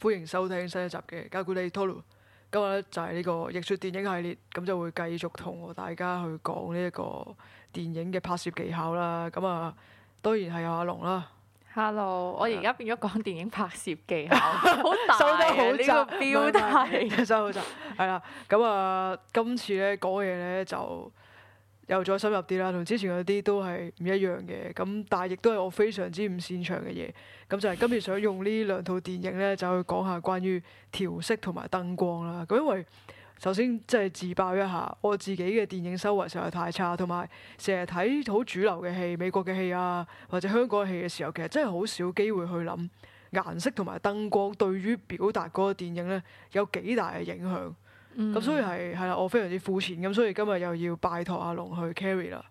歡迎收聽新一集嘅《加古利托魯》，今日咧就係呢個《翼絕電影系列》，咁就會繼續同大家去講呢一個電影嘅拍攝技巧啦。咁啊，當然係阿龍啦。Hello，我而家變咗講電影拍攝技巧，收得好窄呢個標題，收好窄。係啦， 咁啊，今次咧講嘢咧就～又再深入啲啦，同之前嗰啲都係唔一樣嘅，咁但係亦都係我非常之唔擅長嘅嘢，咁就係今次想用呢兩套電影咧，就去講下關於調色同埋燈光啦。咁因為首先即係自爆一下，我自己嘅電影修為實在太差，同埋成日睇好主流嘅戲，美國嘅戲啊，或者香港嘅戲嘅時候，其實真係好少機會去諗顏色同埋燈光對於表達嗰個電影咧有幾大嘅影響。咁、嗯、所以係係啦，我非常之膚淺，咁所以今日又要拜託阿龍去 carry 啦。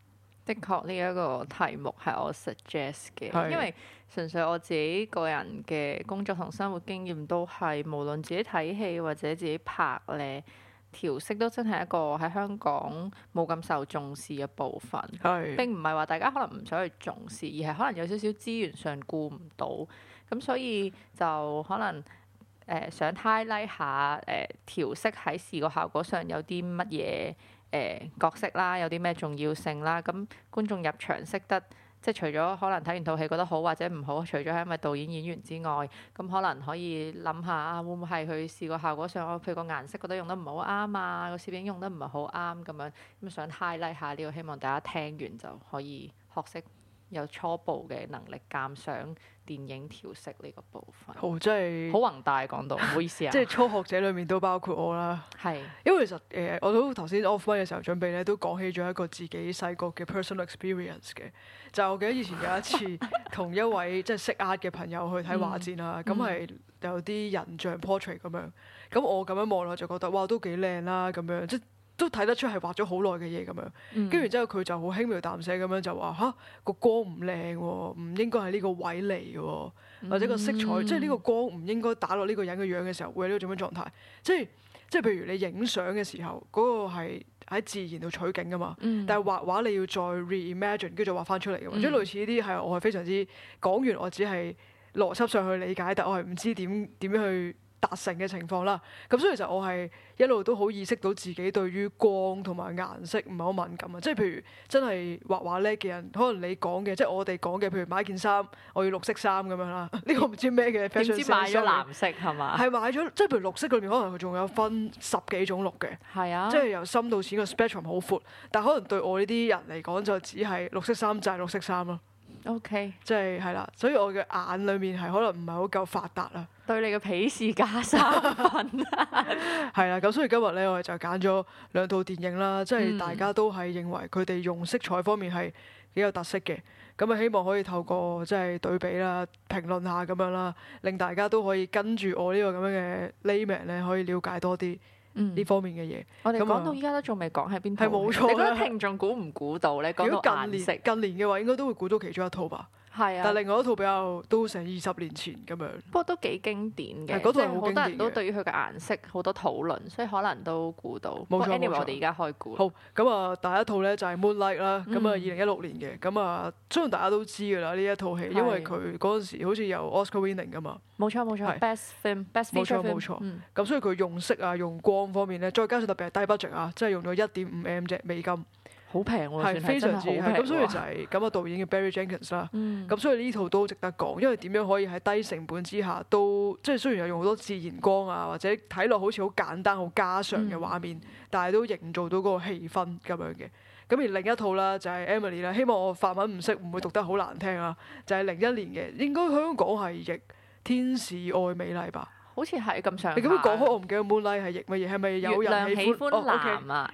的確，呢一個題目係我 suggest 嘅，的因為純粹我自己個人嘅工作同生活經驗都係，無論自己睇戲或者自己拍咧調色，都真係一個喺香港冇咁受重視嘅部分。係的並唔係話大家可能唔想去重視，而係可能有少少資源上顧唔到，咁所以就可能。誒、呃、想 highlight 下誒、呃、調色喺視覺效果上有啲乜嘢誒角色啦，有啲咩重要性啦，咁、嗯、觀眾入場識得，即係除咗可能睇完套戲覺得好或者唔好，除咗係因為導演演員之外，咁、嗯、可能可以諗下，啊、會唔會係佢視覺效果上，我佢個顏色覺得用得唔係好啱啊，個攝影用得唔係好啱咁樣，咁、嗯、想 highlight 下呢、這個，希望大家聽完就可以學識。有初步嘅能力鑑賞電影調色呢個部分，好即係好宏大講到，唔好意思啊。即係 初學者裡面都包括我啦。係是，因為其實誒、呃，我都頭先 off 班嘅時候準備咧，都講起咗一個自己細個嘅 personal experience 嘅，就係、我記得以前有一次同一位 即係識畫嘅朋友去睇畫展啊，咁係、嗯、有啲人像 portrait 咁樣，咁我咁樣望落就覺得，哇都幾靚啦咁樣。即都睇得出係畫咗好耐嘅嘢咁樣，跟住之後佢就好輕描淡寫咁樣就話吓個光唔靚喎，唔應該係呢個位嚟喎，嗯、或者個色彩，即係呢個光唔應該打落呢個人嘅樣嘅時候，會係呢個做咩狀態？即係即係譬如你影相嘅時候，嗰、那個係喺自然度取景㗎嘛，嗯、但係畫畫你要再 reimagine，跟住再畫返出嚟㗎嘛，嗯、即係類似呢啲係我係非常之講完，我只係邏輯上去理解，但我係唔知點點樣去。達成嘅情況啦，咁所以其實我係一路都好意識到自己對於光同埋顏色唔係好敏感啊，即係譬如真係畫畫叻嘅人，可能你講嘅即係我哋講嘅，譬如買一件衫，我要綠色衫咁樣啦，呢個唔知咩嘅。點知買咗藍色係嘛？係買咗，即係譬如綠色裏面可能佢仲有分十幾種綠嘅，啊、即係由深到淺個 spectrum 好闊，但可能對我呢啲人嚟講就只係綠色衫就係綠色衫囉。O.K. 即係係啦，所以我嘅眼裏面係可能唔係好夠發達啊，對你嘅鄙視加三分 係啦，咁所以今日咧，我哋就揀咗兩套電影啦，即、就、係、是、大家都係認為佢哋用色彩方面係幾有特色嘅。咁啊，希望可以透過即係、就是、對比啦、評論下咁樣啦，令大家都可以跟住我這個這呢個咁樣嘅 layman 咧，可以了解多啲。呢、嗯、方面嘅嘢，我哋講到依家都仲未講喺邊度。係冇錯，錯，你覺得聽眾估唔估到咧？你到，如果近年色近年嘅話，應該都會估到其中一套吧。係啊，但係另外一套比較都成二十年前咁樣。不過都幾經典嘅，套係好多人都對於佢嘅顏色好多討論，所以可能都估到。冇錯冇錯，Anyway，我哋而家開估。好咁啊，第一套咧就係 Moonlight 啦，咁啊二零一六年嘅，咁啊雖然大家都知㗎啦呢一套戲，因為佢嗰陣時好似有 Oscar winning 㗎嘛。冇錯冇錯，Best Film Best Picture Film，冇錯冇錯，咁所以佢用色啊、用光方面咧，再加上特別係低 budget 啊，即係用咗一點五 M 隻美金。好平喎，係非常之平。咁所以就係咁啊，導演嘅 Barry Jenkins 啦、嗯。咁所以呢套都值得講，因為點樣可以喺低成本之下都即係、就是、雖然有用好多自然光啊，或者睇落好似好簡單、好家常嘅畫面，嗯、但係都營造到嗰個氣氛咁樣嘅。咁而另一套啦就係 Emily 啦，希望我法文唔識唔會讀得好難聽啊。就係零一年嘅，應該香港係譯《天使愛美麗》吧。好似係咁上。你咁樣講開，我唔記得 Moonlight 係譯乜嘢，係咪有人喜歡藍啊？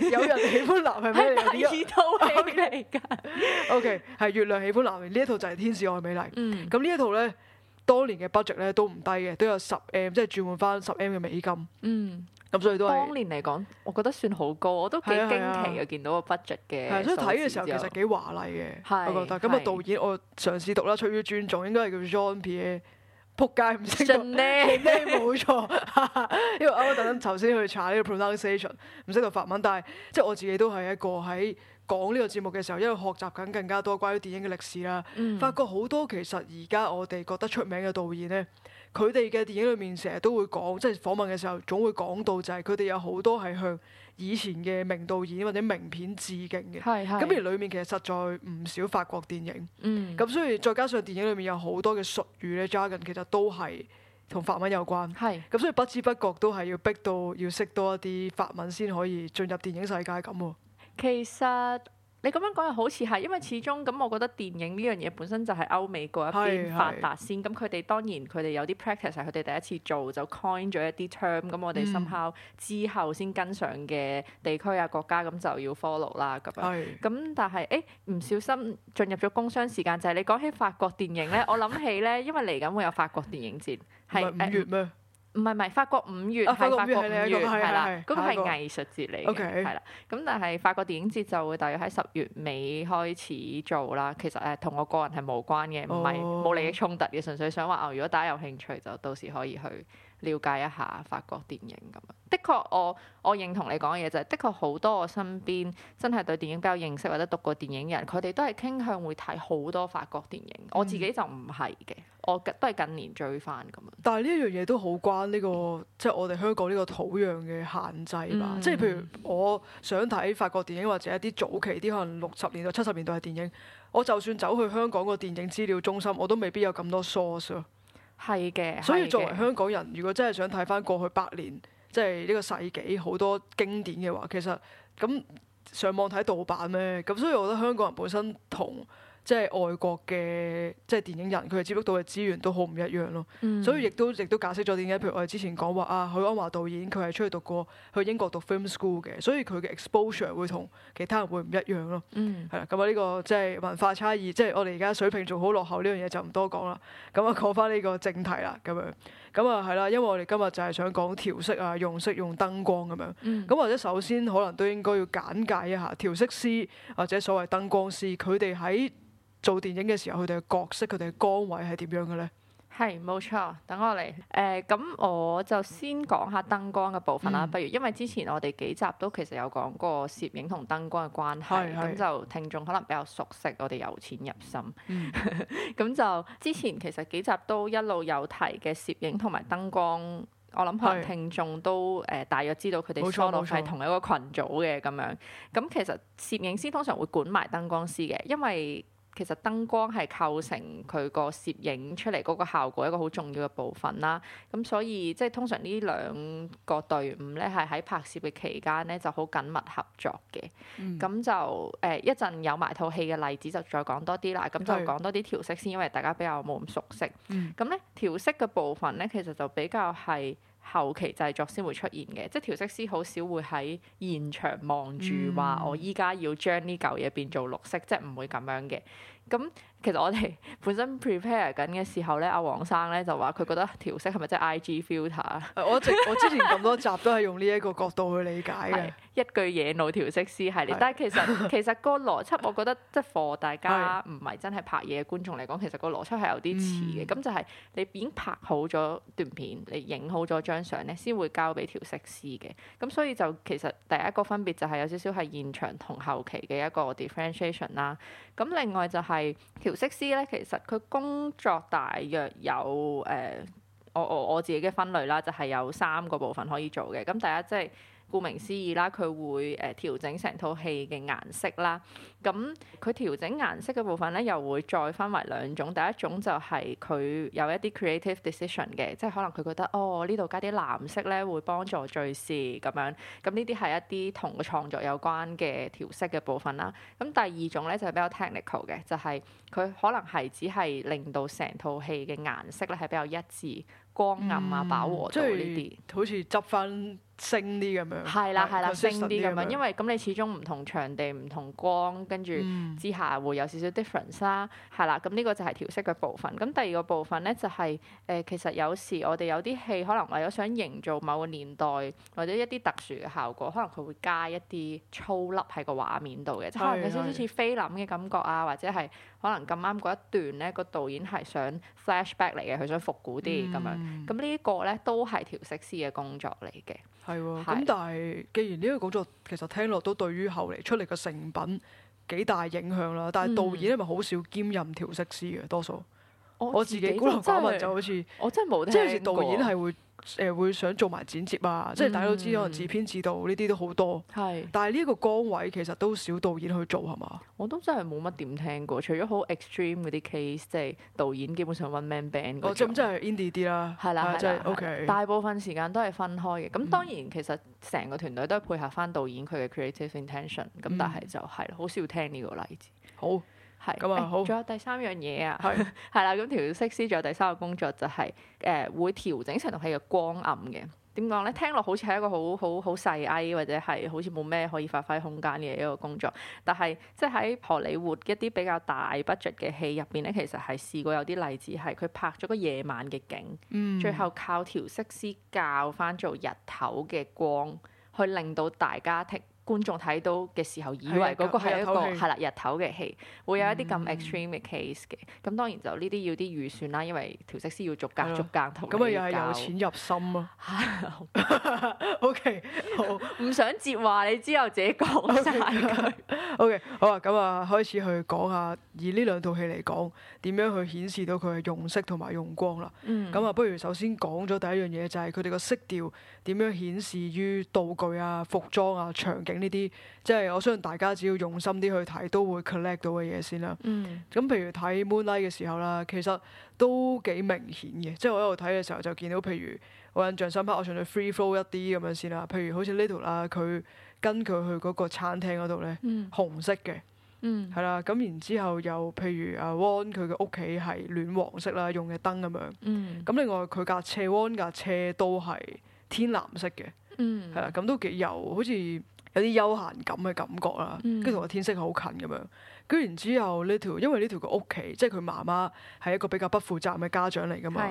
有人喜歡藍係咪第二套戲嚟噶？OK 係月亮喜歡藍呢一套就係《天使愛美麗》。咁呢一套咧，當年嘅 budget 咧都唔低嘅，都有十 M，即係轉換翻十 M 嘅美金。嗯。咁所以都當年嚟講，我覺得算好高，我都幾驚奇啊！見到個 budget 嘅。所以睇嘅時候其實幾華麗嘅，我覺得。咁啊，導演我嘗試讀啦，出於尊重，應該係叫 Jean-Pierre。撲街唔識講，順啲冇錯，呢 因為啱啱等陣頭先去查呢個 pronunciation，唔識讀法文，但係即係我自己都係一個喺講呢個節目嘅時候，因為學習緊更加多關於電影嘅歷史啦，嗯、發覺好多其實而家我哋覺得出名嘅導演咧，佢哋嘅電影裏面成日都會講，即係訪問嘅時候總會講到就係佢哋有好多係向以前嘅名導演或者名片致敬嘅，咁是而裏面其實實在唔少法國電影，咁、嗯、所以再加上電影裏面有好多嘅術語咧，jargon 其實都係同法文有關，咁是所以不知不覺都係要逼到要識多一啲法文先可以進入電影世界，咁其實。你咁樣講又好似係，因為始終咁，我覺得電影呢樣嘢本身就係歐美嗰一邊發達先，咁佢哋當然佢哋有啲 practice 係佢哋第一次做就 coin 咗一啲 term，咁、嗯、我哋 somehow 之後先跟上嘅地區啊國家咁就要 follow 啦咁樣。咁是是 但係誒唔小心進入咗工商時間就係、是、你講起法國電影咧，我諗起咧，因為嚟緊會有法國電影節係五月咩？唔係唔係，法國五月係，法國五月係啦，嗰個係藝術節嚟嘅，係啦 okay.。咁但係法國電影節就會大約喺十月尾開始做啦。其實誒，同、呃、我個人係冇關嘅，唔係冇利益衝突嘅，純粹想話啊，如果大家有興趣就到時可以去。了解一下法國電影咁樣，的確我我認同你講嘅嘢就係、是、的確好多我身邊真係對電影比較認識或者讀過電影人，佢哋都係傾向會睇好多法國電影。我自己就唔係嘅，我都係近年追翻咁樣。嗯、但係呢一樣嘢都好關呢、這個即係、就是、我哋香港呢個土壤嘅限制啦。嗯、即係譬如我想睇法國電影或者一啲早期啲可能六十年代、七十年代嘅電影，我就算走去香港個電影資料中心，我都未必有咁多 source 咯。係嘅，是所以作為香港人，如果真係想睇翻過去百年，即係呢個世紀好多經典嘅話，其實咁上網睇盜版咩？咁所以我覺得香港人本身同。即係外國嘅即係電影人，佢哋接觸到嘅資源都好唔一樣咯。Mm. 所以亦都亦都解釋咗點解，譬如我哋之前講話啊，許鞍華導演佢係出去讀過去英國讀 film school 嘅，所以佢嘅 exposure 會同其他人會唔一樣咯。係啦、mm.，咁啊呢個即係文化差異，即係我哋而家水平仲好落後呢樣嘢就唔多講啦。咁啊講翻呢個正題啦，咁樣咁啊係啦，因為我哋今日就係想講調色啊、用色、用燈光咁樣。咁、mm. 或者首先可能都應該要簡介一下調色師或者所謂燈光師，佢哋喺做電影嘅時候，佢哋嘅角色、佢哋嘅崗位係點樣嘅咧？係冇錯，等我嚟誒，咁、呃、我就先講下燈光嘅部分啦。嗯、不如，因為之前我哋幾集都其實有講過攝影同燈光嘅關係，咁就聽眾可能比較熟悉我。我哋由淺入深，咁 就之前其實幾集都一路有提嘅攝影同埋燈光，我諗可能聽眾都誒大約知道佢哋相落係同一個羣組嘅咁樣。咁其實攝影師通常會管埋燈光師嘅，因為其實燈光係構成佢個攝影出嚟嗰個效果一個好重要嘅部分啦，咁所以即係通常呢兩個隊伍咧係喺拍攝嘅期間咧就好緊密合作嘅，咁、嗯、就誒一陣有埋套戲嘅例子就再講多啲啦，咁就講多啲調色先，因為大家比較冇咁熟悉，咁咧調色嘅部分咧其實就比較係後期製作先會出現嘅，即係調色師好少會喺現場望住話，我依家要將呢嚿嘢變做綠色，嗯、即係唔會咁樣嘅。咁其實我哋本身 prepare 緊嘅時候咧，阿黃生咧就話佢覺得調色係咪即係 IG filter 啊？ 我直我之前咁多集都係用呢一個角度去理解嘅。 一句嘢嬲調色師系列。 但係其實其實個邏輯我覺得即係 for 大家唔係真係拍嘢，觀眾嚟講其實個邏輯係有啲似嘅。咁、嗯、就係你已經拍好咗段片，你影好咗張相咧，先會交俾調色師嘅。咁所以就其實第一個分別就係有少少係現場同後期嘅一個 differentiation 啦。咁另外就係、是。係調色師咧，其實佢工作大約有誒、呃，我我我自己嘅分類啦，就係、是、有三個部分可以做嘅，咁第一即係，就是顧名思義啦，佢會誒調整成套戲嘅顏色啦。咁佢調整顏色嘅部分咧，又會再分為兩種。第一種就係佢有一啲 creative decision 嘅，即係可能佢覺得哦呢度加啲藍色咧會幫助敍事咁樣。咁呢啲係一啲同個創作有關嘅調色嘅部分啦。咁第二種咧就係比較 technical 嘅，就係、是、佢可能係只係令到成套戲嘅顏色咧係比較一致、光暗啊、飽和度呢啲。好似執翻，升啲咁樣，係啦係啦，的的升啲咁樣，因為咁你始終唔同場地唔、嗯、同光，跟住之下會有少少 difference 啦，係啦，咁呢個就係調色嘅部分。咁第二個部分咧就係、是、誒、呃，其實有時我哋有啲戲可能為咗想營造某個年代或者一啲特殊嘅效果，可能佢會加一啲粗粒喺個畫面度嘅，即的可能有少少似菲林嘅感覺啊，或者係可能咁啱嗰一段咧，個導演係想 flashback 嚟嘅，佢想復古啲咁、嗯、樣，咁呢個咧都係調色師嘅工作嚟嘅。係喎，咁但係，既然呢個工作其實聽落都對於後嚟出嚟嘅成品幾大影響啦，但係導演係咪好少兼任調色師嘅？多數。我自己孤陋寡聞就好似，我真係冇聽，即係導演係會誒、呃、會想做埋剪接啊，即係、mm hmm. 大家都知可能自編自導呢啲都好多。係、mm，hmm. 但係呢一個崗位其實都少導演去做係嘛？我都真係冇乜點聽過，除咗好 extreme 嗰啲 case，即係導演基本上 one man band。哦，咁即係 independent 啦，係啦，即係、啊就是、OK。大部分時間都係分開嘅，咁當然、mm hmm. 其實成個團隊都係配合翻導演佢嘅 creative intention 是、就是。咁但係就係好少聽呢個例子。好。咁啊好！仲、嗯欸、有第三樣嘢啊，係係啦，咁調色師仲有第三個工作就係、是、誒、呃、會調整成套戲嘅光暗嘅。點講咧？聽落好似係一個好好好細藝，或者係好似冇咩可以發揮空間嘅一個工作。但係即係喺荷里活一啲比較大 budget 嘅戲入邊咧，其實係試過有啲例子係佢拍咗個夜晚嘅景，嗯、最後靠、嗯、調色師校翻做日頭嘅光，去令到大家睇。觀眾睇到嘅時候，以為嗰個係一個係啦日頭嘅戲，戲，會有一啲咁 extreme 嘅 case 嘅。咁、嗯、當然就呢啲要啲預算啦，因為調色師要逐間、嗯、逐間同你咁啊，又係有錢入心咯。O K，好唔想接話，你之後自己講晒 Okay, 它。 o、okay, K，好啊，咁啊，開始去講下以呢兩套戲嚟講，點樣去顯示到佢嘅用色同埋用光啦。咁啊、嗯，不如首先講咗第一樣嘢，就係佢哋嘅色調點樣顯示於道具啊、服裝啊、場景。呢啲即係我相信大家只要用心啲去睇，都會 collect 到嘅嘢先啦。咁、嗯、譬如睇 Moonlight 嘅時候啦，其實都幾明顯嘅。即係我喺度睇嘅時候就見到，譬如我印象深刻，我上去 Free Flow 一啲咁樣先啦。譬如好似呢度啦，佢跟佢去嗰個餐廳嗰度咧，紅色嘅，係啦。咁然之後又譬如阿 Won 佢嘅屋企係暖黃色啦，用嘅燈咁樣。咁、嗯、另外佢架車，Won 架車都係天藍色嘅，係、嗯、啦。咁都幾油，好似。有啲休閒感嘅感覺啦，跟住同個天色好近咁樣。跟住然之後呢條，因為呢條個屋企，即係佢媽媽係一個比較不負責嘅家長嚟噶嘛。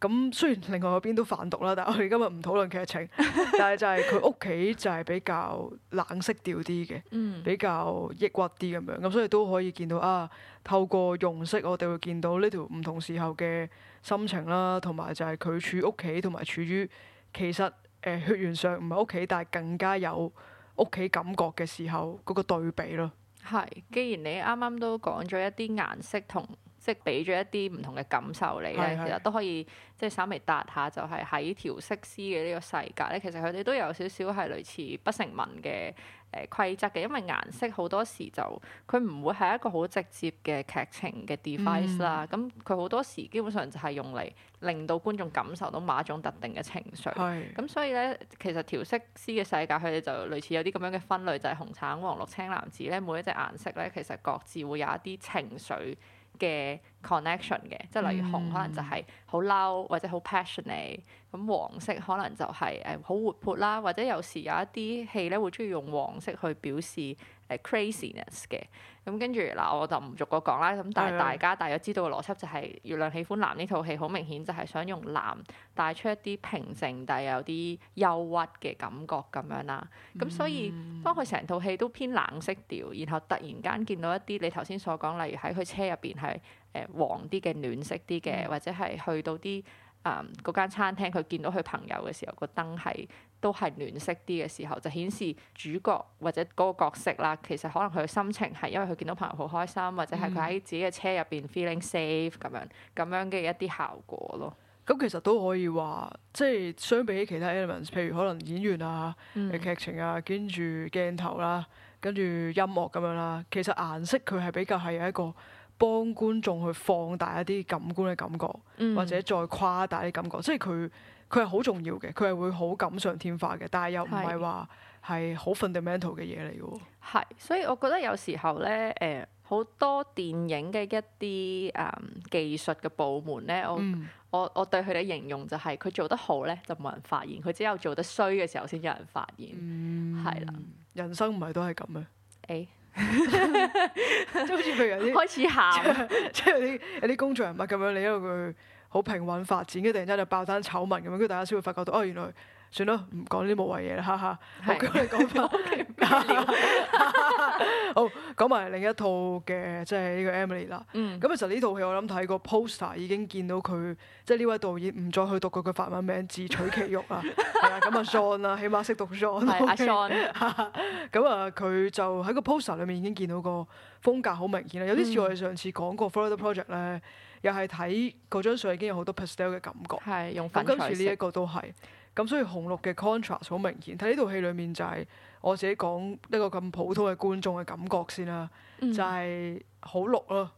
咁是雖然另外嗰邊都販毒啦，但係我哋今日唔討論劇情， 但係就係佢屋企就係比較冷色調啲嘅， 比較抑鬱啲咁樣。咁所以都可以見到啊，透過用色，我哋會見到呢條唔同時候嘅心情啦，同埋就係佢處屋企同埋處於其實誒、呃、血緣上唔係屋企，但係更加有。屋企感覺嘅時候，嗰個對比咯。係，既然你啱啱都講咗一啲顏色同。即係俾咗一啲唔同嘅感受你咧、嗯、就是就是，其實都可以即係稍微答下，就係喺調色師嘅呢個世界咧，其實佢哋都有少少係類似不成文嘅誒、呃、規則嘅，因為顏色好多時就佢唔會係一個好直接嘅劇情嘅 device、嗯、啦。咁佢好多時基本上就係用嚟令到觀眾感受到某一種特定嘅情緒。咁、嗯、所以咧，其實調色師嘅世界佢哋就類似有啲咁樣嘅分類，就係、是、紅、橙、黃、綠、青、藍、紫咧。每一隻顏色咧，其實各自會有一啲情緒。嘅 connection 嘅，即係例如紅可能就係好嬲或者好 passionate，咁黃色可能就係誒好活潑啦，或者有時有一啲戲咧會中意用黃色去表示。craziness 嘅，咁跟住嗱我就唔逐個講啦。咁但係大家大約知道嘅邏輯就係，月亮喜歡藍呢套戲好明顯就係想用藍帶出一啲平靜，但係有啲憂鬱嘅感覺咁樣啦。咁所以當佢成套戲都偏冷色調，然後突然間見到一啲你頭先所講，例如喺佢車入邊係誒黃啲嘅暖色啲嘅，或者係去到啲。誒嗰間餐廳，佢見到佢朋友嘅時候，個燈係都係暖色啲嘅時候，就顯示主角或者嗰個角色啦。其實可能佢嘅心情係因為佢見到朋友好開心，或者係佢喺自己嘅車入邊 feeling safe 咁樣咁樣嘅一啲效果咯。咁其實都可以話，即係相比起其他 elements，譬如可能演員啊、嘅劇情啊、跟住鏡頭啦、跟住音樂咁樣啦，其實顏色佢係比較係有一個。幫觀眾去放大一啲感官嘅感覺，或者再誇大啲感覺，即係佢佢係好重要嘅，佢係會好錦上添花嘅，但係又唔係話係好 fundamental 嘅嘢嚟嘅喎。係，所以我覺得有時候咧，誒好、欸、多電影嘅一啲誒、嗯、技術嘅部門咧，我、嗯、我我對佢哋形容就係、是、佢做得好咧就冇人發現，佢只有做得衰嘅時候先有人發現，係啦。嗯、的人生唔係都係咁咩？誒。欸即 係好似譬如啲開始喊，即係啲有啲公眾人物咁樣，你一路佢好平穩發展，跟住突然之間就爆單醜聞咁樣，跟住大家先會發覺到，哦原來。算啦，唔講呢啲無謂嘢啦，哈哈。是我跟你講返 好講埋另一套嘅、就是嗯，即係呢個 Emily 啦。咁其實呢套戲我諗睇過 poster，已經見到佢即係呢位導演唔再去讀佢嘅法文名，自取其辱啦。係啊，咁啊 Sean 啦，起碼識讀 Sean 係啊 Sean 咁啊，佢就喺個 poster 裏面已經見到個風格好明顯啦。有啲似我哋上次講過 Florida Project 咧，又係睇嗰張相已經有好多 pastel 嘅感覺。係用粉彩色。今次呢一個都係。咁所以紅綠嘅 contrast 好明顯，睇呢套戲裡面就係、是、我自己講一個咁普通嘅觀眾嘅感覺先啦、啊，嗯、就係好綠咯，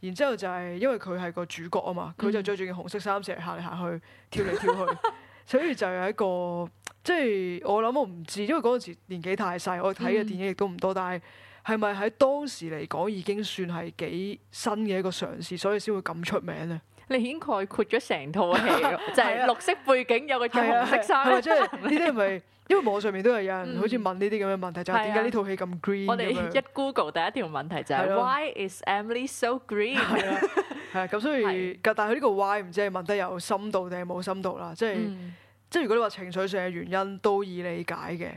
然之後就係、是、因為佢係個主角啊嘛，佢就著住件紅色衫成日行嚟行去，跳嚟跳去， 所以就係一個即係、就是、我諗我唔知，因為嗰陣時年紀太細，我睇嘅電影亦都唔多，但係係咪喺當時嚟講已經算係幾新嘅一個嘗試，所以先會咁出名呢？你已經概括咗成套戲咯， 就係綠色背景 有個紅色衫。係啊，即係呢啲係咪因為網上面都係有人好似問呢啲咁嘅問題、就是，就係點解呢套戲咁 green？ 我哋一 Google 第一條問題就係、是、 Why is Emily so green？係 啊，咁所以但係呢個 why 唔知係問得有深度定係冇深度啦？即係、嗯、即係如果你話情緒上嘅原因都易理解嘅，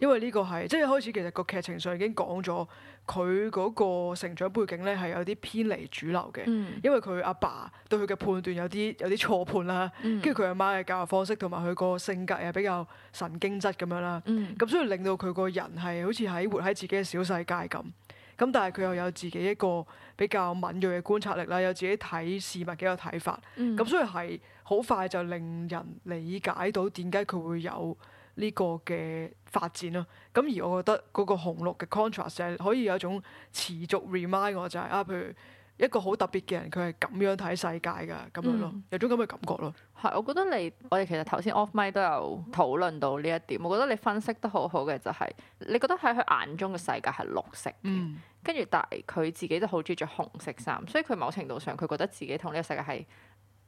因為呢個係即係開始其實個劇情上已經講咗。佢嗰個成長背景咧係有啲偏離主流嘅，嗯、因為佢阿爸對佢嘅判斷有啲有啲錯判啦，跟住佢阿媽嘅教育方式同埋佢個性格又比較神經質咁樣啦，咁、嗯、所以令到佢個人係好似喺活喺自己嘅小世界咁。咁但係佢又有自己一個比較敏鋭嘅觀察力啦，有自己睇事物嘅一個睇法，咁、嗯、所以係好快就令人理解到點解佢會有。呢個嘅發展咯，咁而我覺得嗰個紅綠嘅 contrast 係可以有一種持續 remind 我就係、是、啊，譬如一個好特別嘅人，佢係咁樣睇世界噶，咁樣咯，嗯、有種咁嘅感覺咯。係，我覺得你我哋其實頭先 off mic 都有討論到呢一點，我覺得你分析得好好嘅就係、是，你覺得喺佢眼中嘅世界係綠色嘅，跟住、嗯、但係佢自己都好中意着紅色衫，所以佢某程度上佢覺得自己同呢個世界係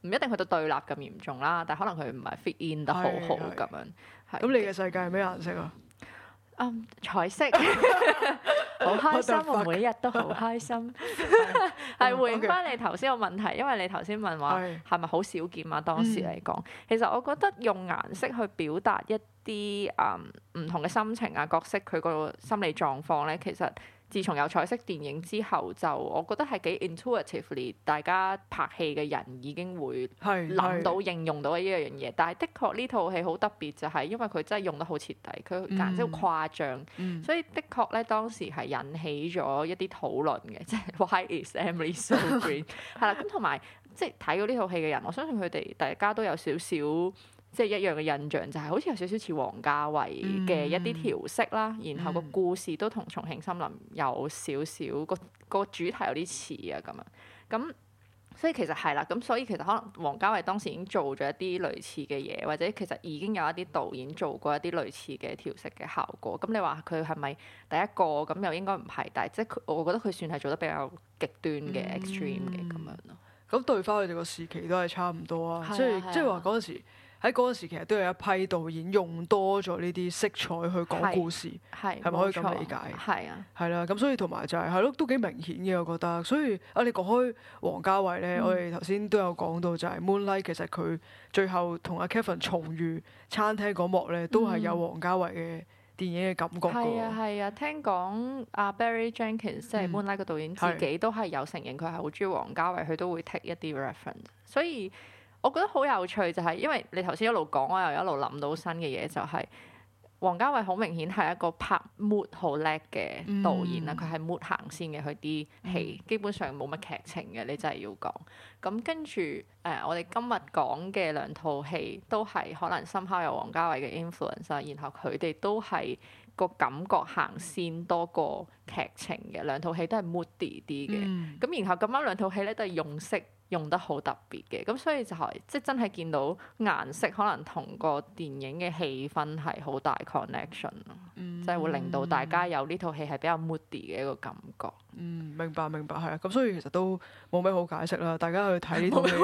唔一定去到對立咁嚴重啦，但係可能佢唔係 fit in 得好好咁樣。咁係你嘅世界係咩顏色啊？Um, 彩色，好開心，我每一日都好開心。係回應翻你頭先個問題，因為你頭先問話係咪好少見啊？當時嚟講，嗯、其實我覺得用顏色去表達一啲嗯唔同嘅心情啊、角色佢個心理狀況咧，其實。自從有彩色電影之後，就我覺得係幾 intuitively 大家拍戲嘅人已經會諗到是是應用到依樣嘢。但係的確呢套戲好特別，就係因為佢真係用得好徹底，佢簡直好誇張，嗯、所以的確咧當時係引起咗一啲討論嘅，即係、嗯、 Why is Emily so green？係啦， 咁同埋即係睇過呢套戲嘅人，我相信佢哋大家都有少少。即係一樣嘅印象就係好似有少少似王家衞嘅一啲調色啦，嗯、然後個故事都同《重慶森林》有少少個、個主題有啲似啊咁樣。咁所以其實係啦，咁所以其實可能王家衞當時已經做咗一啲類似嘅嘢，或者其實已經有一啲導演做過一啲類似嘅調色嘅效果。咁你話佢係咪第一個？咁又應該唔係，但係即係佢，我覺得佢算係做得比較極端嘅、嗯、extreme 嘅咁樣咯。咁對返佢哋個時期都係差唔多啊，啊即係即係話嗰陣時。喺嗰陣時，其實都有一批導演用多咗呢啲色彩去講故事，係，係咪可以咁理解？係錯是啊，啊，係啦，咁所以同埋就係係咯，都幾明顯嘅，我覺得。所以啊，你講開王家衛咧，嗯、我哋頭先都有講到就係 Moonlight 其實佢最後同阿 Kevin 重遇餐廳嗰幕咧，都係有王家衛嘅電影嘅感覺、嗯啊。係啊係啊，聽講阿 Barry Jenkins 即係、嗯、Moonlight 個導演自己都係、嗯是啊、有承認佢係好鍾意王家衛，佢都會 take 一啲 reference，所以。所以我覺得好有趣就係，因為你頭先一路講，我又一路諗到新嘅嘢，就係王家衛好明顯係一個拍 mood 好叻嘅導演啦、嗯，佢係 mood 行先嘅佢啲戲，基本上冇乜劇情嘅，你真係要講。咁跟住誒，我哋今日講嘅兩套戲都係可能深刻有王家衛嘅 influence 啊，然後佢哋都係個感覺行先多過劇情嘅，兩套戲都係 mood 啲啲嘅，咁、嗯、然後咁啱兩套戲咧都係用色。用得好特別嘅，咁所以就係即係真係見到顏色可能同個電影嘅氣氛係好大 connection 咯、嗯，即係會令到大家有呢套戲係比較 moody 嘅一個感覺。嗯，明白明白，係啊，咁所以其實都冇咩好解釋啦， 大家去睇呢套戲，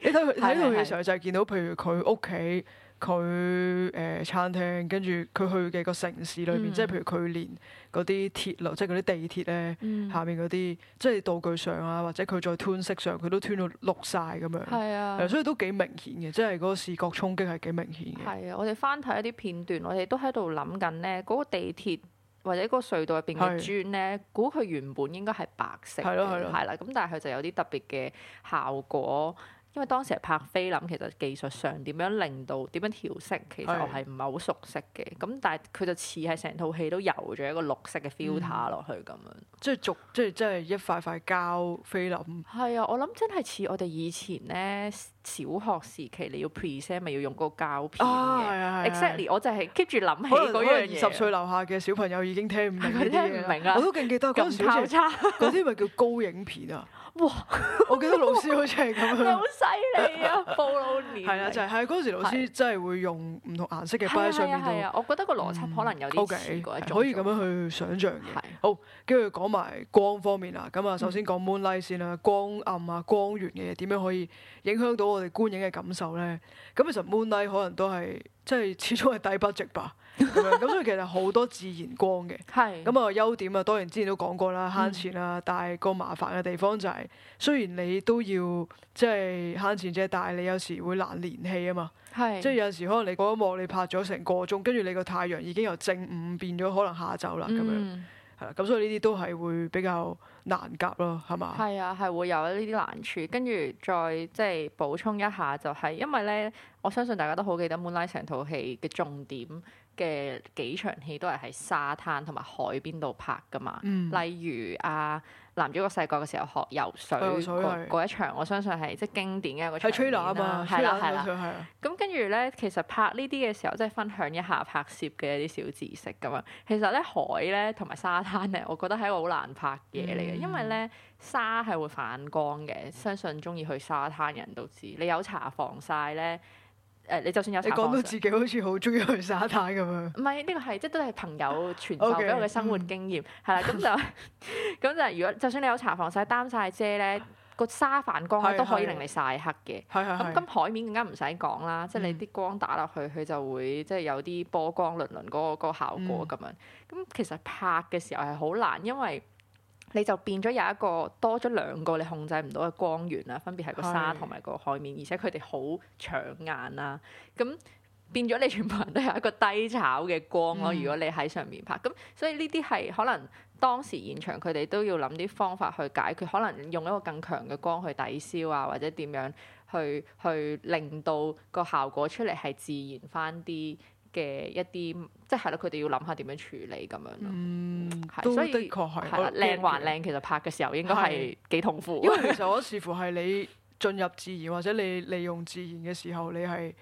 你睇睇呢套嘢嘅時候就係見到，譬如佢屋企，佢誒、呃、餐廳，跟住佢去嘅個城市裏邊，嗯、即係譬如佢連嗰啲鐵路，嗯、即係嗰啲地鐵咧，下面嗰啲，即係道具上啊，或者佢在 tune 色上，佢都 tune 到綠晒咁樣，係啊，所以都幾明顯嘅，即係嗰個視覺衝擊係幾明顯嘅。係啊，我哋翻睇一啲片段，我哋都喺度諗緊咧，嗰、那個地鐵或者嗰個隧道入邊嘅磚咧，啊、估佢原本應該係白色，係啦、啊，咁、啊啊啊、但係佢就有啲特別嘅效果。因為當時係拍菲林，其實技術上點樣令到點樣調色，其實我係唔係好熟悉嘅。咁但係佢就似係成套戲都油咗一個綠色嘅 filter 落去咁樣。即係逐，即係即係一塊塊膠菲林。係啊，我諗真係似我哋以前咧小學時期，你要 present 咪要用個膠片嘅。exactly，我就係 keep 住諗起嗰樣嘢。二十歲樓下嘅小朋友已經聽唔明，聽唔明啊！我都記記得嗰時，嗰啲咪叫高影片啊。哇！ 我記得老師好似係咁樣，好犀利啊！暴露 年，係啦、啊，就係、是、嗰時老師真係會用唔同顏色嘅擺喺上面啊，啊，啊，我覺得個邏輯、嗯、可能有啲奇怪，可以咁樣去想像嘅。啊、好，跟住講埋光方面啦。咁啊，首先講 moonlight 先啦，光暗啊，光源嘅嘢點樣可以影響到我哋觀影嘅感受咧？咁其實 moonlight 可能都係即係始終係低 budget 吧。咁 所以其實好多自然光嘅，咁啊是優點啊當然之前都講過啦，慳錢啦、啊，嗯、但係個麻煩嘅地方就係、是，雖然你都要即係慳錢啫，但係你有時會難連戲啊嘛，即係是有陣時可能你嗰一幕你拍咗成個鐘，跟住你個太陽已經由正午變咗可能下晝啦咁樣，係啦，咁所以呢啲都係會比較難夾咯，係嘛、嗯？係吧啊，係會有呢啲難處。跟住再即係補充一下、就是，就係因為咧，我相信大家都好記得 m 拉成套戲嘅重點。嘅幾場戲都係喺沙灘同埋海邊度拍噶嘛，嗯、例如啊，男主角細個嘅時候學游水嗰泳一場，我相信係即係經典嘅一個場面吹啦。係啦，係啦，咁跟住咧，其實拍呢啲嘅時候，即係分享一下拍攝嘅一啲小知識咁樣。其實咧，海咧同埋沙灘咧，我覺得係一個好難拍嘢嚟嘅，因為咧沙係會反光嘅，相信鍾意去沙灘人都知。你有搽防曬咧。誒，你就算有，你講到自己好似好中意去沙灘咁樣。唔係，呢個係即都係朋友傳授俾我嘅生活經驗，係啦，咁就咁就係。如果就算你有搽防曬，擔晒遮咧，個沙反光都可以令你曬黑嘅。係。咁海面更加唔使講啦，即係你啲光打落去，佢就會即係有啲波光粼粼嗰個效果咁樣。咁其實拍嘅時候係好難，因為。你就變咗有一個多咗兩個你控制唔到嘅光源啦，分別係個沙同埋個海面，是的 而且佢哋好搶眼啦、啊。咁變咗你全部人都有一個低炒嘅光咯。嗯、如果你喺上面拍咁，所以呢啲係可能當時現場佢哋都要諗啲方法去解決，佢可能用一個更強嘅光去抵消啊，或者點樣去去令到個效果出嚟係自然翻啲嘅一啲。即係咯，佢哋要諗下點樣處理咁樣咯。嗯，係、嗯，都所以的確係吧靚還靚，其實拍嘅時候應該係幾痛苦。因為其實我似乎係你進入自然 或者你利用自然嘅時候，你係。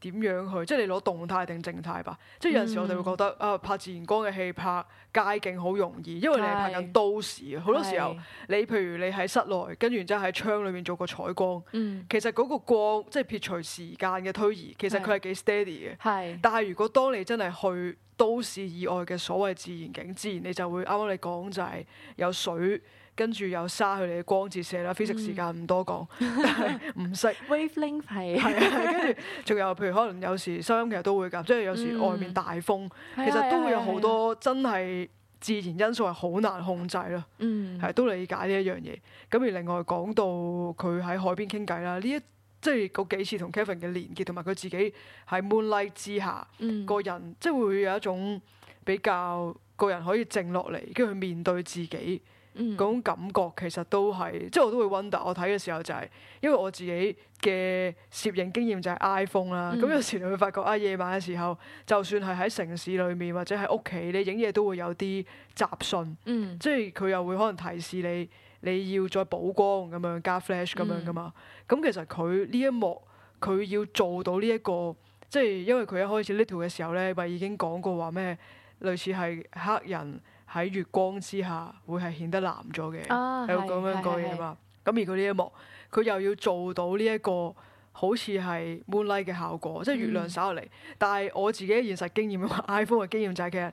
點樣去？即係你攞動態定靜態吧。即係有陣時我哋會覺得，嗯、啊拍自然光嘅戲拍街景好容易，因為你係拍緊都市。好是多時候是你譬如你喺室內，跟住然之後喺窗裏面做個採光。嗯、其實嗰個光即係撇除時間嘅推移，其實佢係幾 steady 嘅。但係如果當你真係去都市以外嘅所謂自然景，自然你就會啱啱你講就係有水。跟住又沙佢哋嘅光折射啦，physics、mm. 時間唔多講，但係唔識 wavelength 係跟住，仲 有譬如可能有時收音其實都會㗎，即係、mm. 有時外面大風，mm. 其實都會有好多真係自然因素係好難控制咯。嗯、mm.，係都理解呢一樣嘢。咁而另外講到佢喺海邊傾偈啦，呢一即係嗰幾次同 Kevin 嘅連結，同埋佢自己喺 moonlight 之下，mm. 個人即係、就是、會有一種比較個人可以靜落嚟，跟住去面對自己，嗰、嗯、種感覺其實都係，即係我都會 wonder，我睇嘅時候就係、是，因為我自己嘅攝影經驗就係 iPhone 啦、嗯，咁有時你會發覺啊，夜晚嘅時候，就算係喺城市裏面或者喺屋企，你影嘢都會有啲雜訊，嗯、即係佢又會可能提示你你要再補光咁樣加 flash 咁樣噶嘛，咁、嗯、其實佢呢一幕佢要做到呢、這、一個，即係因為佢一開始 Little 嘅時候咧，咪已經講過話咩類似係黑人。喺月光之下，會係顯得藍咗嘅。有咁樣講嘢嘛？咁、啊、而佢呢一幕，佢又要做到呢、這、一個好似係 Moonlight 嘅效果，即係月亮灑落嚟。參與 saben，但係我自己現實經驗 iPhone 嘅、er、經驗就係，其實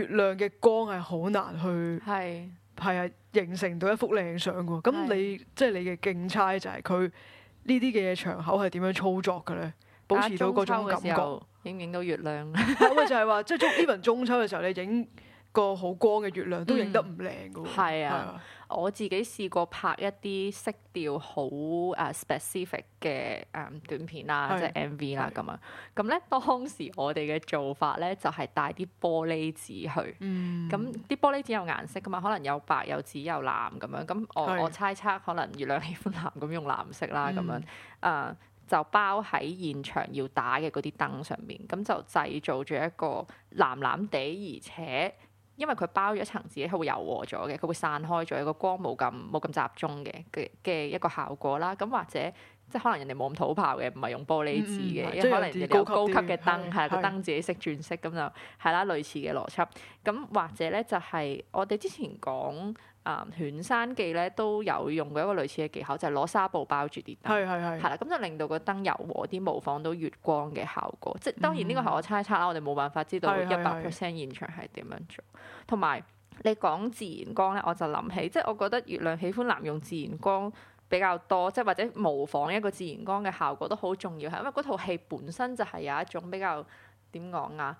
月亮嘅光係好難去係係啊，形成到一幅靚相嘅。咁你即係你嘅警差就係佢呢啲嘅場口係點樣操作嘅咧？保持到嗰種感覺，影唔影到月亮？咁啊，就係話即係祝呢輪中秋嘅時候，你影。個好光嘅月亮都影得唔靚㗎喎。係、嗯、啊，啊我自己試過拍一啲色調好誒 specific 嘅誒短片啦，嗯、即係 MV 啦咁是樣。咁咧當時我哋嘅做法咧就係帶啲玻璃紙去。咁啲、嗯、玻璃紙有顏色噶嘛？可能有白、有紫、有藍咁樣。咁我是我猜測可能月亮喜歡藍，咁用藍色啦咁樣。誒、嗯嗯，就包喺現場要打嘅嗰啲燈上面，咁就製造咗一個藍藍地，而且。因為佢包咗一層紙咧佢會柔和咗嘅，佢會散開咗，個光冇咁冇咁集中嘅嘅嘅一個效果啦。咁或者即係可能人哋冇咁土炮嘅，唔係用玻璃紙嘅，嗯嗯、因為可能高高級嘅燈係個燈自己識轉色咁就係、是、啦，類似嘅邏輯。咁或者咧就係我哋之前講。啊、嗯！犬山記咧都有用過一個類似嘅技巧，就係攞紗布包住啲燈，係係係。係啦，咁就令到個燈柔和啲，模仿到月光嘅效果。即係當然呢個係我猜測啦，嗯、我哋冇辦法知道一百 percent 現場係點樣做。同埋你講自然光咧，我就諗起，即、就、係、是、我覺得月亮喜歡藍用自然光比較多，即係或者模仿一個自然光嘅效果都好重要，係因為嗰套戲本身就係有一種比較點講啊？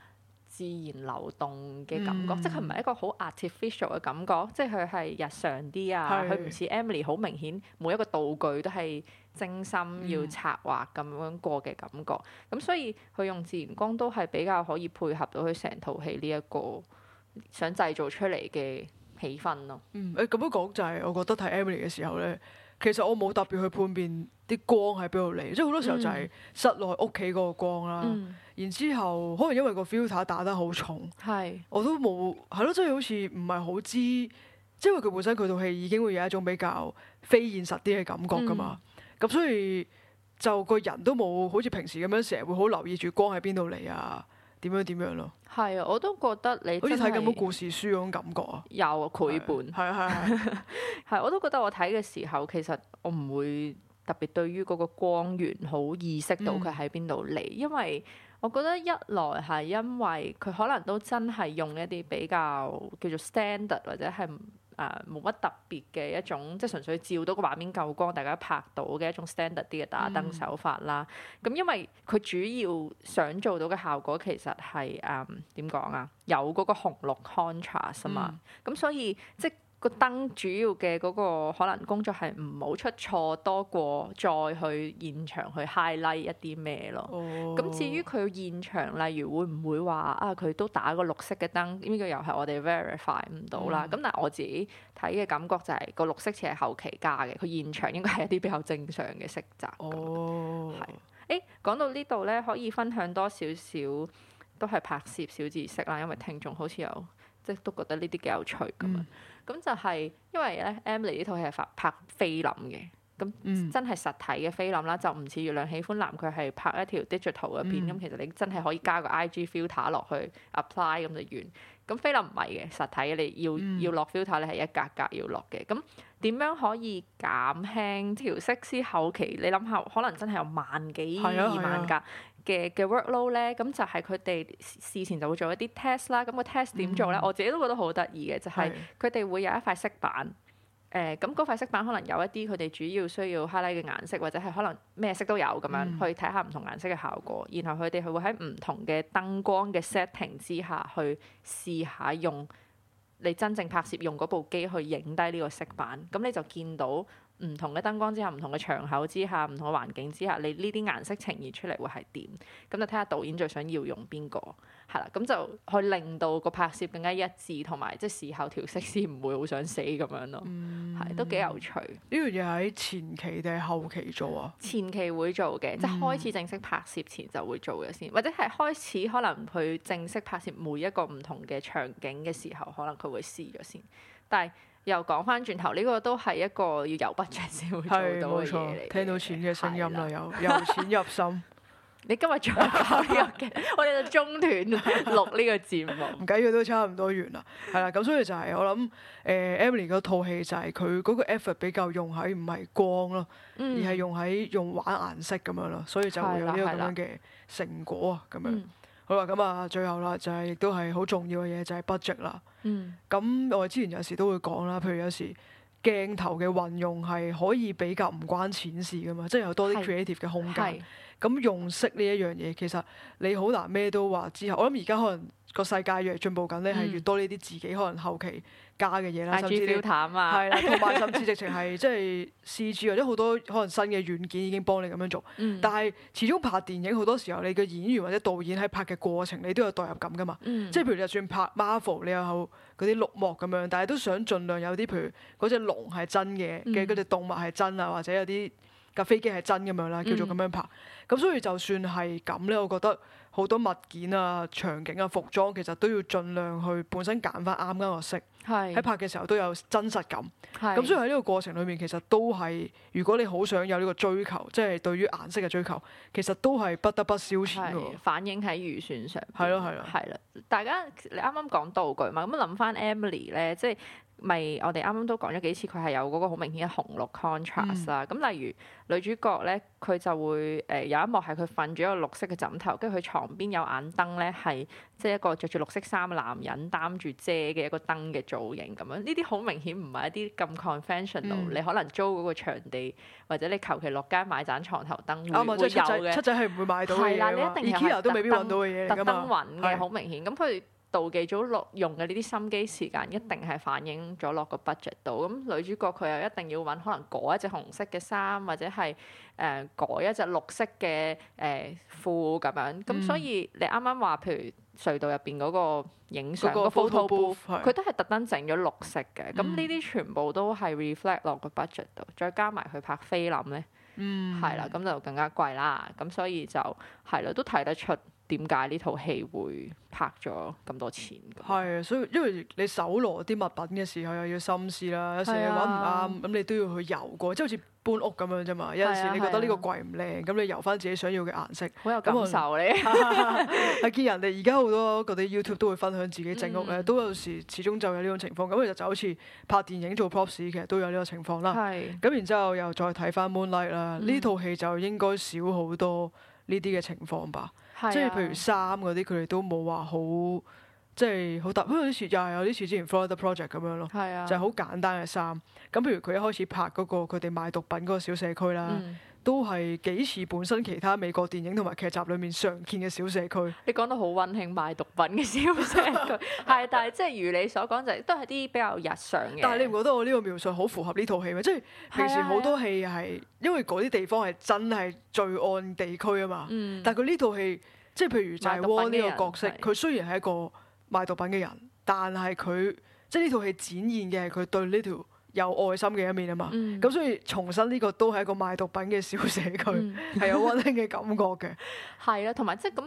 自然流動嘅感、嗯、感覺，即係佢唔係一個好 artificial 嘅感覺，即係佢係日常啲啊，佢唔似 Emily 好明顯每一個道具都係精心要策劃咁樣過嘅感覺，咁、嗯嗯、所以佢用自然光都係比較可以配合到佢成套戲呢一個想製造出嚟嘅氣氛咯、啊。嗯，咁樣講就係、是、我覺得睇 Emily 嘅時候咧，其實我冇特別去判別啲光喺邊度嚟，即係好多時候就係室內屋企嗰個光啦。嗯嗯然之後，可能因為個 filter 打得好重，是我都冇係咯，所以好似唔係好知。即係、因為佢本身佢套戲已經會有一種比較非現實啲嘅感覺㗎嘛，咁、嗯、所以就個人都冇好似平時咁樣成日會好留意住光喺邊度嚟啊，點樣點樣咯。係啊，我都覺得你好似睇咁多故事書嗰種感覺啊。有啊，繪本係係係，我都覺得我睇嘅時候其實我唔會特別對於嗰個光源好意識到佢喺邊度嚟，嗯、因為。我覺得一來係因為佢可能都真係用一啲比較叫做 standard 或者係誒冇乜特別嘅一種，即係純粹照到個畫面夠光，大家拍到嘅一種 standard 啲嘅打燈手法啦。咁、嗯、因為佢主要想做到嘅效果其實係誒點講啊，有嗰個紅綠 contrast 啊嘛，咁、嗯、所以即係個燈主要嘅嗰個可能工作係唔好出錯多過再去現場去 highlight 一啲咩咯。咁、oh. 至於佢現場例如會唔會話啊佢都打個綠色嘅燈呢、呢個又係我哋 verify 唔到啦。咁、mm. 但係我自己睇嘅感覺就係、個綠色似係後期加嘅，佢現場應該係一啲比較正常嘅色澤。哦、oh.，係、欸。誒，講到呢度咧，可以分享多少少都係拍攝小知識啦，因為聽眾好似有。即都覺得呢啲幾有趣咁啊！咁、嗯、就係因為咧，Amélie 呢套戲係拍菲林嘅，咁真係實體嘅菲林啦，就唔似月亮喜歡藍佢係拍一條 digital 嘅片，咁、嗯、其實你真係可以加個 IG filter 落去 apply 咁就完。咁菲林唔係嘅實體，你要要落 filter 你係一格格要落嘅。咁點樣，樣可以減輕調色？先後期你諗下，可能真係有萬幾、啊、二萬格。嘅嘅 workload 咧，咁就係佢哋事前就會做一啲 test 啦。咁個 test 點做咧？嗯、我自己都覺得好得意嘅，就係佢哋會有一塊色板，誒、呃，咁塊色板可能有一啲佢哋主要需要 highlight 嘅顏色，或者係可能咩色都有，咁樣去睇下唔同顏色嘅效果。嗯、然後佢哋佢會喺唔同嘅燈光嘅 setting 之下去試下用你真正拍攝用嗰部機去影低呢個色板。咁你就見到。唔同嘅燈光之下、唔同嘅場口之下、唔同嘅環境之下，你呢啲顏色呈現出嚟會係點？咁就睇下導演最想要用邊個，係啦，咁就去令到個拍攝更加一致，同埋即係事後調色先唔會好想死咁樣咯。係、嗯、都幾有趣。呢樣嘢喺前期定係後期做啊？前期會做嘅，嗯、即係開始正式拍攝前就會做嘅先，或者係開始可能佢正式拍攝每一個唔同嘅場景嘅時候，可能佢會試咗先，但係。又講翻轉頭，呢、這個都係一個要有 budget 先會做到嘅嘢嚟。聽到錢嘅聲音啦，又有對了 錢入心。你今日再投入嘅，我哋就中斷錄呢個節目，唔緊要都差唔多完啦。係啦，咁所以就係、是、我諗，誒 Emily 嗰套戲就係佢嗰個 effort 比較用喺唔係光咯，嗯、而係用喺用玩顏色咁樣啦，所以就會有呢個咁樣嘅成果啊咁樣。嗯、好啦，咁啊最後啦、就是，就係亦都係好重要嘅嘢，就係 budget 啦。嗯，咁我哋之前有時都會講啦，譬如有時鏡頭嘅運用係可以比較唔關錢事㗎嘛，即係有多啲 creative 嘅空間。咁用色呢一樣嘢，其實你好難咩都話。之後我諗而家可能個世界越嚟進步緊，咧係、嗯、越多呢啲自己可能後期加嘅嘢啦，甚至 u l 啊，係啦，同埋甚至直情係即係 CG 或者好多可能新嘅軟件已經幫你咁樣做。嗯、但係始終拍電影好多時候，你嘅演員或者導演喺拍嘅過程，你都有代入感㗎嘛。嗯、即係譬如就算拍 Marvel，你有嗰啲綠幕咁樣，但係都想盡量有啲譬如嗰隻龍係真嘅嘅嗰隻動物係真啊，或者有啲。架飛機係真咁樣啦，叫做咁樣拍。咁、嗯、所以就算係咁咧，我覺得好多物件啊、場景啊、服裝，其實都要盡量去本身揀翻啱嘅色。係喺是拍嘅時候都有真實感，咁是所以喺呢個過程裏面其實都係，如果你好想有呢個追求，即係對於顏色嘅追求，其實都係不得不燒錢。反映喺預算上係咯係咯係啦。大家你啱啱講道具嘛，咁諗翻 Emily 咧，即係咪我哋啱啱都講咗幾次，佢係有嗰個好明顯嘅紅綠 contrast 啦。咁、嗯、例如女主角咧，佢就會誒有一幕係佢瞓住一個綠色嘅枕頭，跟住佢床邊有眼燈咧係。即係一個着住綠色衫嘅男人擔住遮嘅一個燈嘅造型咁樣，呢啲好明顯唔係一啲咁 conventional。嗯、你可能租嗰個場地，或者你求其落街買盞床頭燈七、嗯啊、仔係唔會買到嘅。係啦，你一定係特登揾嘅，好 K 明顯。咁佢哋妒忌咗落用嘅呢啲心機時間，一定係反映咗落個 budget 度。咁女主角佢又一定要揾可能改一隻紅色嘅衫，或者係誒改一隻綠色嘅誒褲咁樣。咁所以，、嗯、所以，所以你啱啱話譬如。隧道入邊嗰個影相，個 photo booth 佢的都係特登整咗綠色嘅。咁呢啲全部都係 reflect 落個 budget 度，再加埋去拍菲林咧，係啦、嗯，咁就更加貴啦。咁所以就係啦，都睇得出點解呢套戲會拍咗咁多錢。係，所以因為你搜羅啲物品嘅時候又要心思啦，有時揾唔啱，咁的你都要去遊過，即、就、係、是、好似。搬屋咁樣啫嘛，有陣時你覺得呢個櫃唔靚，咁的你遊翻自己想要嘅顏色。好有感受你，係 見人哋而家好多嗰啲 YouTube 都會分享自己整屋咧，嗯、都有時始終就有呢種情況。咁其實就好似拍電影做 props 其實都有呢個情況啦。咁的然之後又再睇翻 Moonlight 啦，呢套、嗯、戲就應該少好多呢啲嘅情況吧。即係的譬如衫嗰啲，佢哋都冇話好。即係好特不過啲事又係有啲似之前 Florida Project 咁樣咯，啊、就係好簡單嘅衫。咁譬如佢一開始拍嗰、嗰個佢哋賣毒品嗰個小社區啦，嗯、都係幾似本身其他美國電影同埋劇集裏面常見嘅小社區。你講得好溫馨，賣毒品嘅小社區，係， 但係即係如你所講，就都係啲比較日常嘅。但係你唔覺得我呢個描述好符合呢套戲咩？即係平時好多戲係因為嗰啲地方係真係罪案地區啊嘛。嗯、但係佢呢套戲，即係譬如大鍋呢個角色，佢雖然係一個賣毒品嘅人，但係佢即係呢套戲展現嘅係佢對呢條有愛心嘅一面啊嘛。咁、嗯、所以重新呢個都係一個賣毒品嘅小社區，係、嗯、 有溫馨嘅感覺嘅、啊。係啦，同埋即係咁，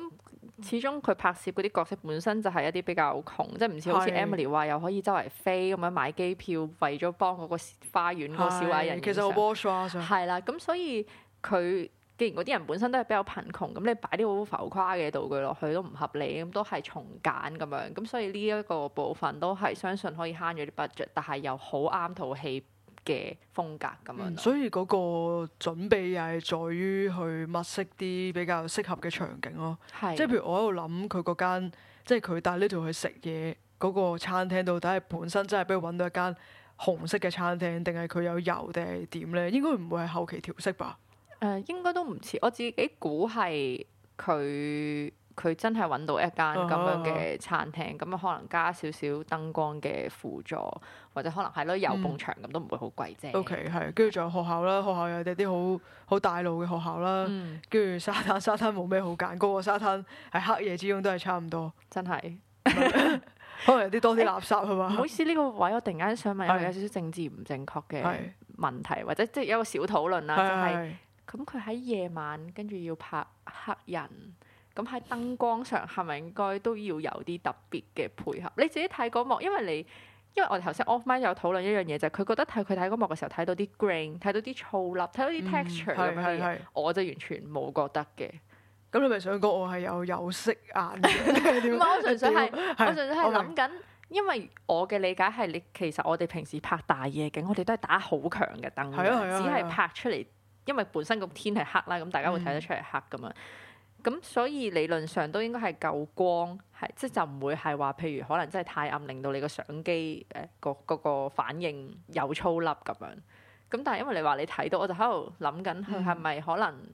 始終佢拍攝嗰啲角色本身就係一啲比較窮，即係唔似好似 Emily 話又可以周圍飛咁樣買機票，為咗幫嗰個花園嗰個小矮人、啊。其實 w a r 上係啦，咁、啊、所以佢既然嗰啲人本身都係比較貧窮，咁你擺啲好浮誇嘅道具落去都唔合理，咁都係從簡，咁樣，咁所以呢一個部分都係相信可以慳咗啲 budget，但係又好啱套戲嘅風格咁樣、嗯，所以嗰個準備又係在於去物色啲比較適合嘅場景咯，的即係譬如我喺度諗，佢嗰間，即係佢帶呢度去食嘢嗰個餐廳到底係本身真係不如揾到一間紅色嘅餐廳定係佢有油定係點咧？應該唔會係後期調色吧。誒應該都唔似，我自己估係佢佢真係揾到一間咁樣嘅餐廳，咁啊可能加少少燈光嘅輔助，或者可能係咯油篷場咁都唔會好貴啫。O K 係，跟住仲有學校啦，學校有啲好好大路嘅學校啦。跟住，沙灘，沙灘冇咩好揀，嗰個沙灘喺黑夜之中都係差唔多。真係，可能有啲多啲垃圾係嘛？唔好意思，呢個位我突然間想問，有少少政治唔正確嘅問題，或者即係有個小討論啦，就係。咁佢喺夜晚跟住要拍黑人，咁喺燈光上係咪應該都要有啲特別嘅配合？你自己睇嗰幕，因為你因為我哋頭先 off 咪有討論一樣嘢，就係、是、佢覺得睇佢睇嗰幕嘅時候睇到啲 grain 睇到啲粗粒，睇到啲 texture 咁樣。嗯、我就完全冇覺得嘅。咁你咪想講我係有有色眼？唔係 麼 我純粹係麼我純粹係諗緊，因為我嘅理解係你其實我哋平時拍大夜景，我哋都係打好強嘅燈，只係拍出嚟。因為本身個天係黑啦，咁大家會睇得出係黑咁啊，咁、嗯、所以理論上都應該係夠光，係即就唔、是、會係話，譬如可能真係太暗，令到你個相機、呃嗰個相機誒個嗰個反應有粗粒咁樣。咁但係因為你話你睇到，我就喺度諗緊佢係咪可能、嗯、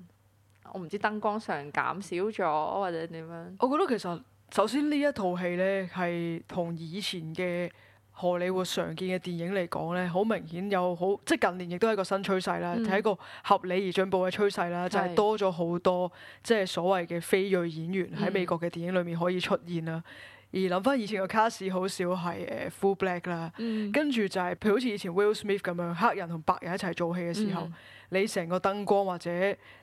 我唔知燈光上減少咗或者點樣。我覺得其實首先一戲呢一套戲呢係同以前嘅。荷里活常見嘅電影嚟講咧，好明顯有好即係近年亦都係一個新趨勢啦，係、嗯、一個合理而進步嘅趨勢啦，就係、是、多咗好多即係所謂嘅非裔演員喺美國嘅電影裏面可以出現啦。而諗翻以前個卡士好少係、呃、full black 啦，嗯、跟住就係、是、譬如好似以前 Will Smith 咁樣黑人同白人一齊做戲嘅時候。嗯你成個燈光或者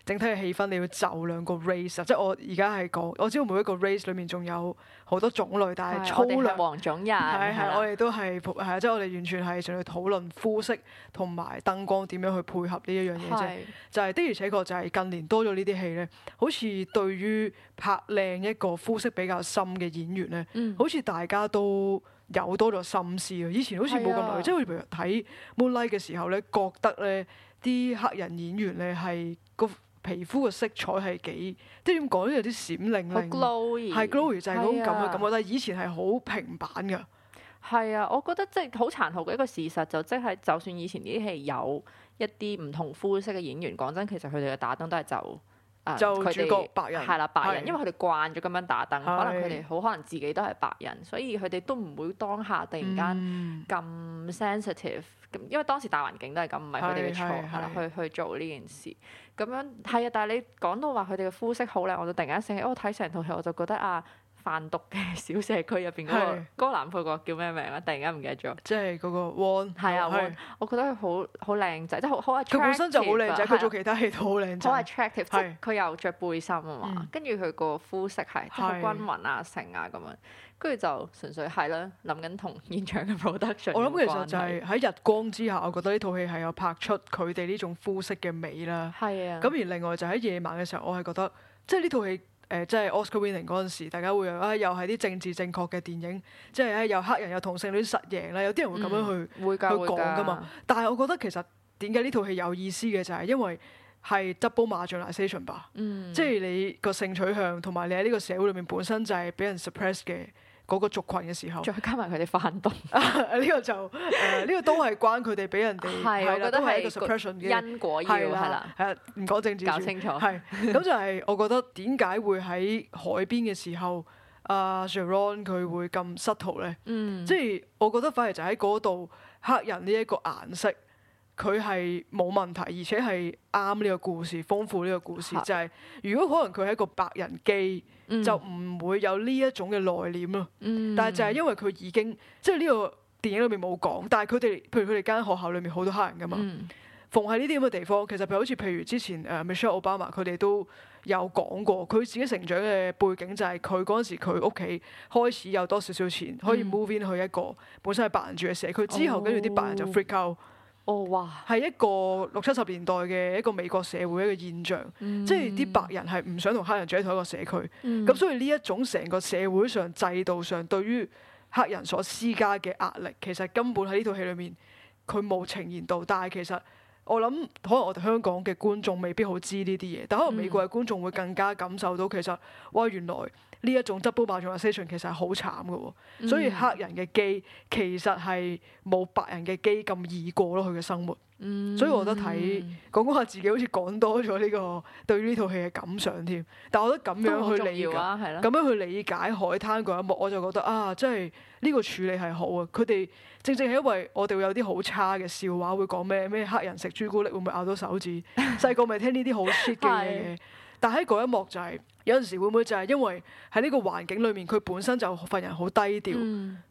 整體嘅氣氛，你要就兩個 race，即係我而家係講，我知道每一個 race 裏面仲有好多種類，但係粗略黃種人，係係，我哋都係係，即係我哋完全係想去討論膚色同埋燈光點樣去配合呢一樣嘢啫。的就係的而且確，就係近年多咗呢啲戲咧，好似對於拍靚一個膚色比較深嘅演員咧，好似大家都有多咗心思啊。以前好似冇咁耐的，即係譬如睇 Moonlight 嘅時候咧，覺得咧。啲黑人演員咧係個皮膚嘅色彩係幾，即係點講咧有啲閃亮 y 係 glowy 就係嗰種咁嘅感覺。但係是、啊、以前係好平板㗎。係啊，我覺得即係好殘酷嘅一個事實，就即係就算以前啲戲有一啲唔同膚色嘅演員，講真，其實佢哋嘅打燈都係就誒佢哋白人係啦白人，因為佢哋慣咗咁樣打燈，是啊、可能佢哋好可能自己都係白人，所以佢哋都唔會當下突然間咁 sensitive。嗯因為當時大環境都係咁，唔係佢哋嘅錯，係啦是，去去做呢件事，咁樣係啊。但係你講到話佢哋嘅膚色好靚，我就突然間醒起，我睇成套戲我就覺得啊。販毒嘅小社區入邊嗰個男配角叫咩名啊？突然間唔記得咗。即係嗰個 One。係啊，我覺得佢好好靚仔，即係好好。佢本身就好靚仔，佢做其他戲都好靚仔。好 attractive，即係佢又着背心啊嘛，跟住佢個膚色係好均勻啊、成啊咁樣，跟住就純粹係啦，諗緊同現場嘅 production。我諗其實就係喺日光之下，我覺得呢套戲係有拍出佢哋呢種膚色嘅美啦。係啊。咁而另外就喺夜晚嘅時候，我係覺得即係呢套戲。誒、呃，即係 Oscar winning 嗰陣時，大家會啊、哎，又係啲政治正確嘅電影，即係啊，又黑人又同性戀實贏啦，有啲人會咁樣去、嗯、會去講噶嘛。的但係我覺得其實點解呢套戲有意思嘅就係因為係 double marginalization 吧，嗯、即係你個性取向同埋你喺呢個社會裏面本身就係俾人 suppressed 嘅。嗰個族群嘅時候，再加埋佢哋反動，呢個就呢個都係關佢哋俾人哋，我覺得係一個 suppression 嘅因果要啦，係唔講政治，搞清楚係咁就係，我覺得點解會喺海邊嘅時候，阿 Chiron 佢會咁失途咧？嗯，即係我覺得反而就喺嗰度黑人呢一個顏色。佢係冇問題，而且係啱呢個故事，豐富呢個故事就係的如果可能佢係一個白人機，嗯、就唔會有呢一種嘅內斂咯。嗯、但係就係因為佢已經即係呢個電影裏面冇講，但係佢哋譬如佢哋間學校裏面好多黑人㗎嘛，嗯、逢喺呢啲咁嘅地方，其實譬如好似譬如之前誒 Michelle Obama 佢哋都有講過，佢自己成長嘅背景就係佢嗰陣時佢屋企開始有多少少錢、嗯、可以 move in 去一個本身係白人住嘅社，佢之後跟住啲白人就 freak out。哦，哇！係一個六七十年代嘅一個美國社會一個現象，mm. 即係啲白人係唔想同黑人住喺同一個社區。咁、mm. 所以呢一種成個社會上制度上對於黑人所施加嘅壓力，其實根本喺呢套戲裏面佢冇呈現到。但係其實我諗可能我哋香港嘅觀眾未必好知呢啲嘢，但可能美國嘅觀眾會更加感受到其實哇原來。呢一種質樸化眾嘅 situation 其實係好慘嘅，嗯、所以黑人嘅基其實係冇白人嘅基咁易過咯，佢嘅生活。嗯、所以我覺得睇講講下自己好似講多咗呢、呢個對呢套戲嘅感想添。但係我覺得咁樣去理解，咁、啊、樣去理解海灘嗰一幕，我就覺得啊，真係呢個處理係好啊！佢哋正正係因為我哋會有啲好差嘅笑話，會講咩咩黑人食朱古力會唔會咬到手指？細個咪聽呢啲好 shit 嘅嘢。但喺嗰一幕就係、是，有陣時會唔會就係因為喺呢個環境裏面，佢本身就份人好低調，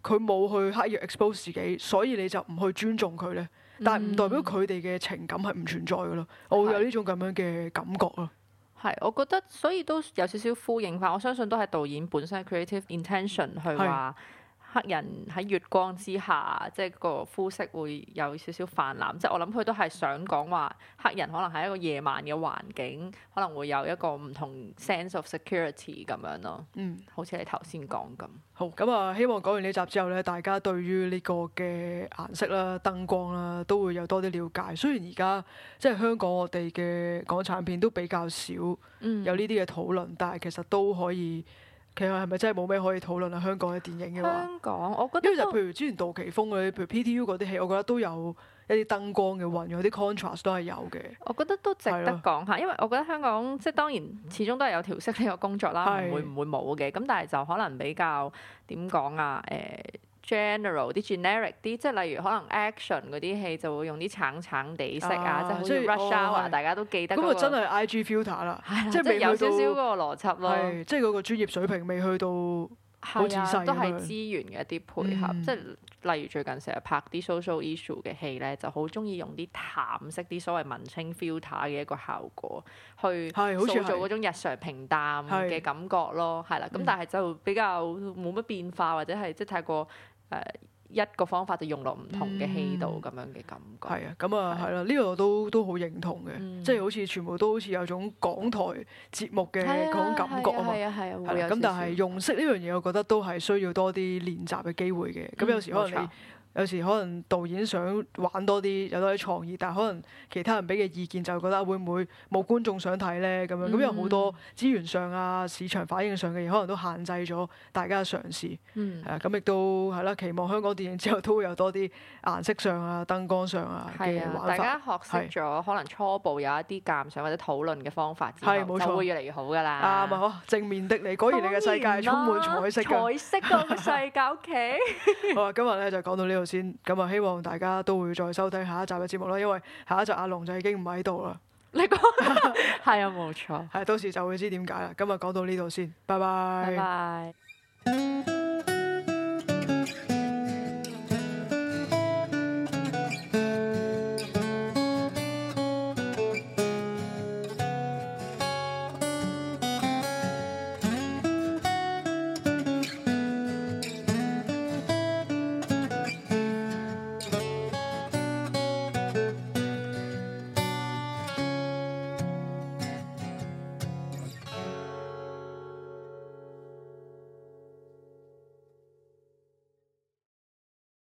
佢冇、嗯、去刻意 expose 自己，所以你就唔去尊重佢呢。但係唔代表佢哋嘅情感係唔存在噶咯。嗯、我會有呢種咁樣嘅感覺咯。係，我覺得所以都有少少呼應翻。我相信都係導演本身 creative intention 去話。黑人喺月光之下，即係個膚色會有少少泛藍，即係我諗佢都係想講話黑人可能係一個夜晚嘅環境，可能會有一個唔同 sense of security 咁樣咯。嗯，好似你頭先講咁。好咁啊，希望講完呢集之後咧，大家對於呢個嘅顏色啦、燈光啦，都會有多啲了解。雖然而家即係香港我哋嘅港產片都比較少有呢啲嘅討論，嗯、但係其實都可以。其實係咪真係冇咩可以討論啊？香港嘅電影嘅話，香港我覺得因為就譬如之前杜琪峰嗰啲，譬如 P.T.U 嗰啲戲，我覺得都有一啲燈光嘅運用，有啲 contrast 都係有嘅。我覺得都值得講對了 下，因為我覺得香港即係當然始終都係有調色呢個工作啦，唔、嗯、會唔會冇嘅。咁是的 但係就可能比較點講啊？誒。呃 general 啲 generic 啲，即係例如可能 action 嗰啲戲就會用啲橙橙地色啊，即係好似 Russia 啊，哦、大家都記得嗰、那個真係 IG filter 啦，的即係的有少少嗰個邏輯咯，即係嗰個專業水平未去到好仔細，都係資源嘅一啲配合，嗯、即係例如最近成日拍啲 social issue 嘅戲咧，就好中意用啲淡色啲所謂文青 filter 嘅一個效果去係塑造嗰種日常平淡嘅感覺咯，係啦，咁但係就比較冇乜變化或者係即係太過。誒，一個方法就用落唔同嘅戲度，咁樣嘅感覺，係啊，咁啊係啦，呢個我都都好認同嘅，即係好似全部都好似有種港台節目嘅嗰種感覺啊嘛，係啊係啊，咁但係用色呢樣嘢，我覺得都係需要多啲練習嘅機會嘅，咁有時可能有時可能導演想玩多啲，有多啲創意，但係可能其他人俾嘅意見就覺得會唔會冇觀眾想睇咧咁樣，咁、嗯、有好多資源上啊、市場反應上嘅嘢，可能都限制咗大家嘅嘗試。咁亦、嗯啊、都係啦，期望香港電影之後都會有多啲顏色上啊、燈光上啊嘅玩法。係啊，大家學識咗是可能初步有一啲鑑賞或者討論嘅方法之後，就會越嚟越好㗎啦。啱、啊就是、正面的你，果然你嘅世界充滿彩色，彩色到世界屋企。 好啊，今日咧就講到呢度。 先咁啊，希望大家都會再收聽下一集嘅節目啦，因為下一集阿龍就已經唔喺度啦。你講係啊，冇錯，係到時就會知點解啦。今日講到呢度先，拜拜。拜拜。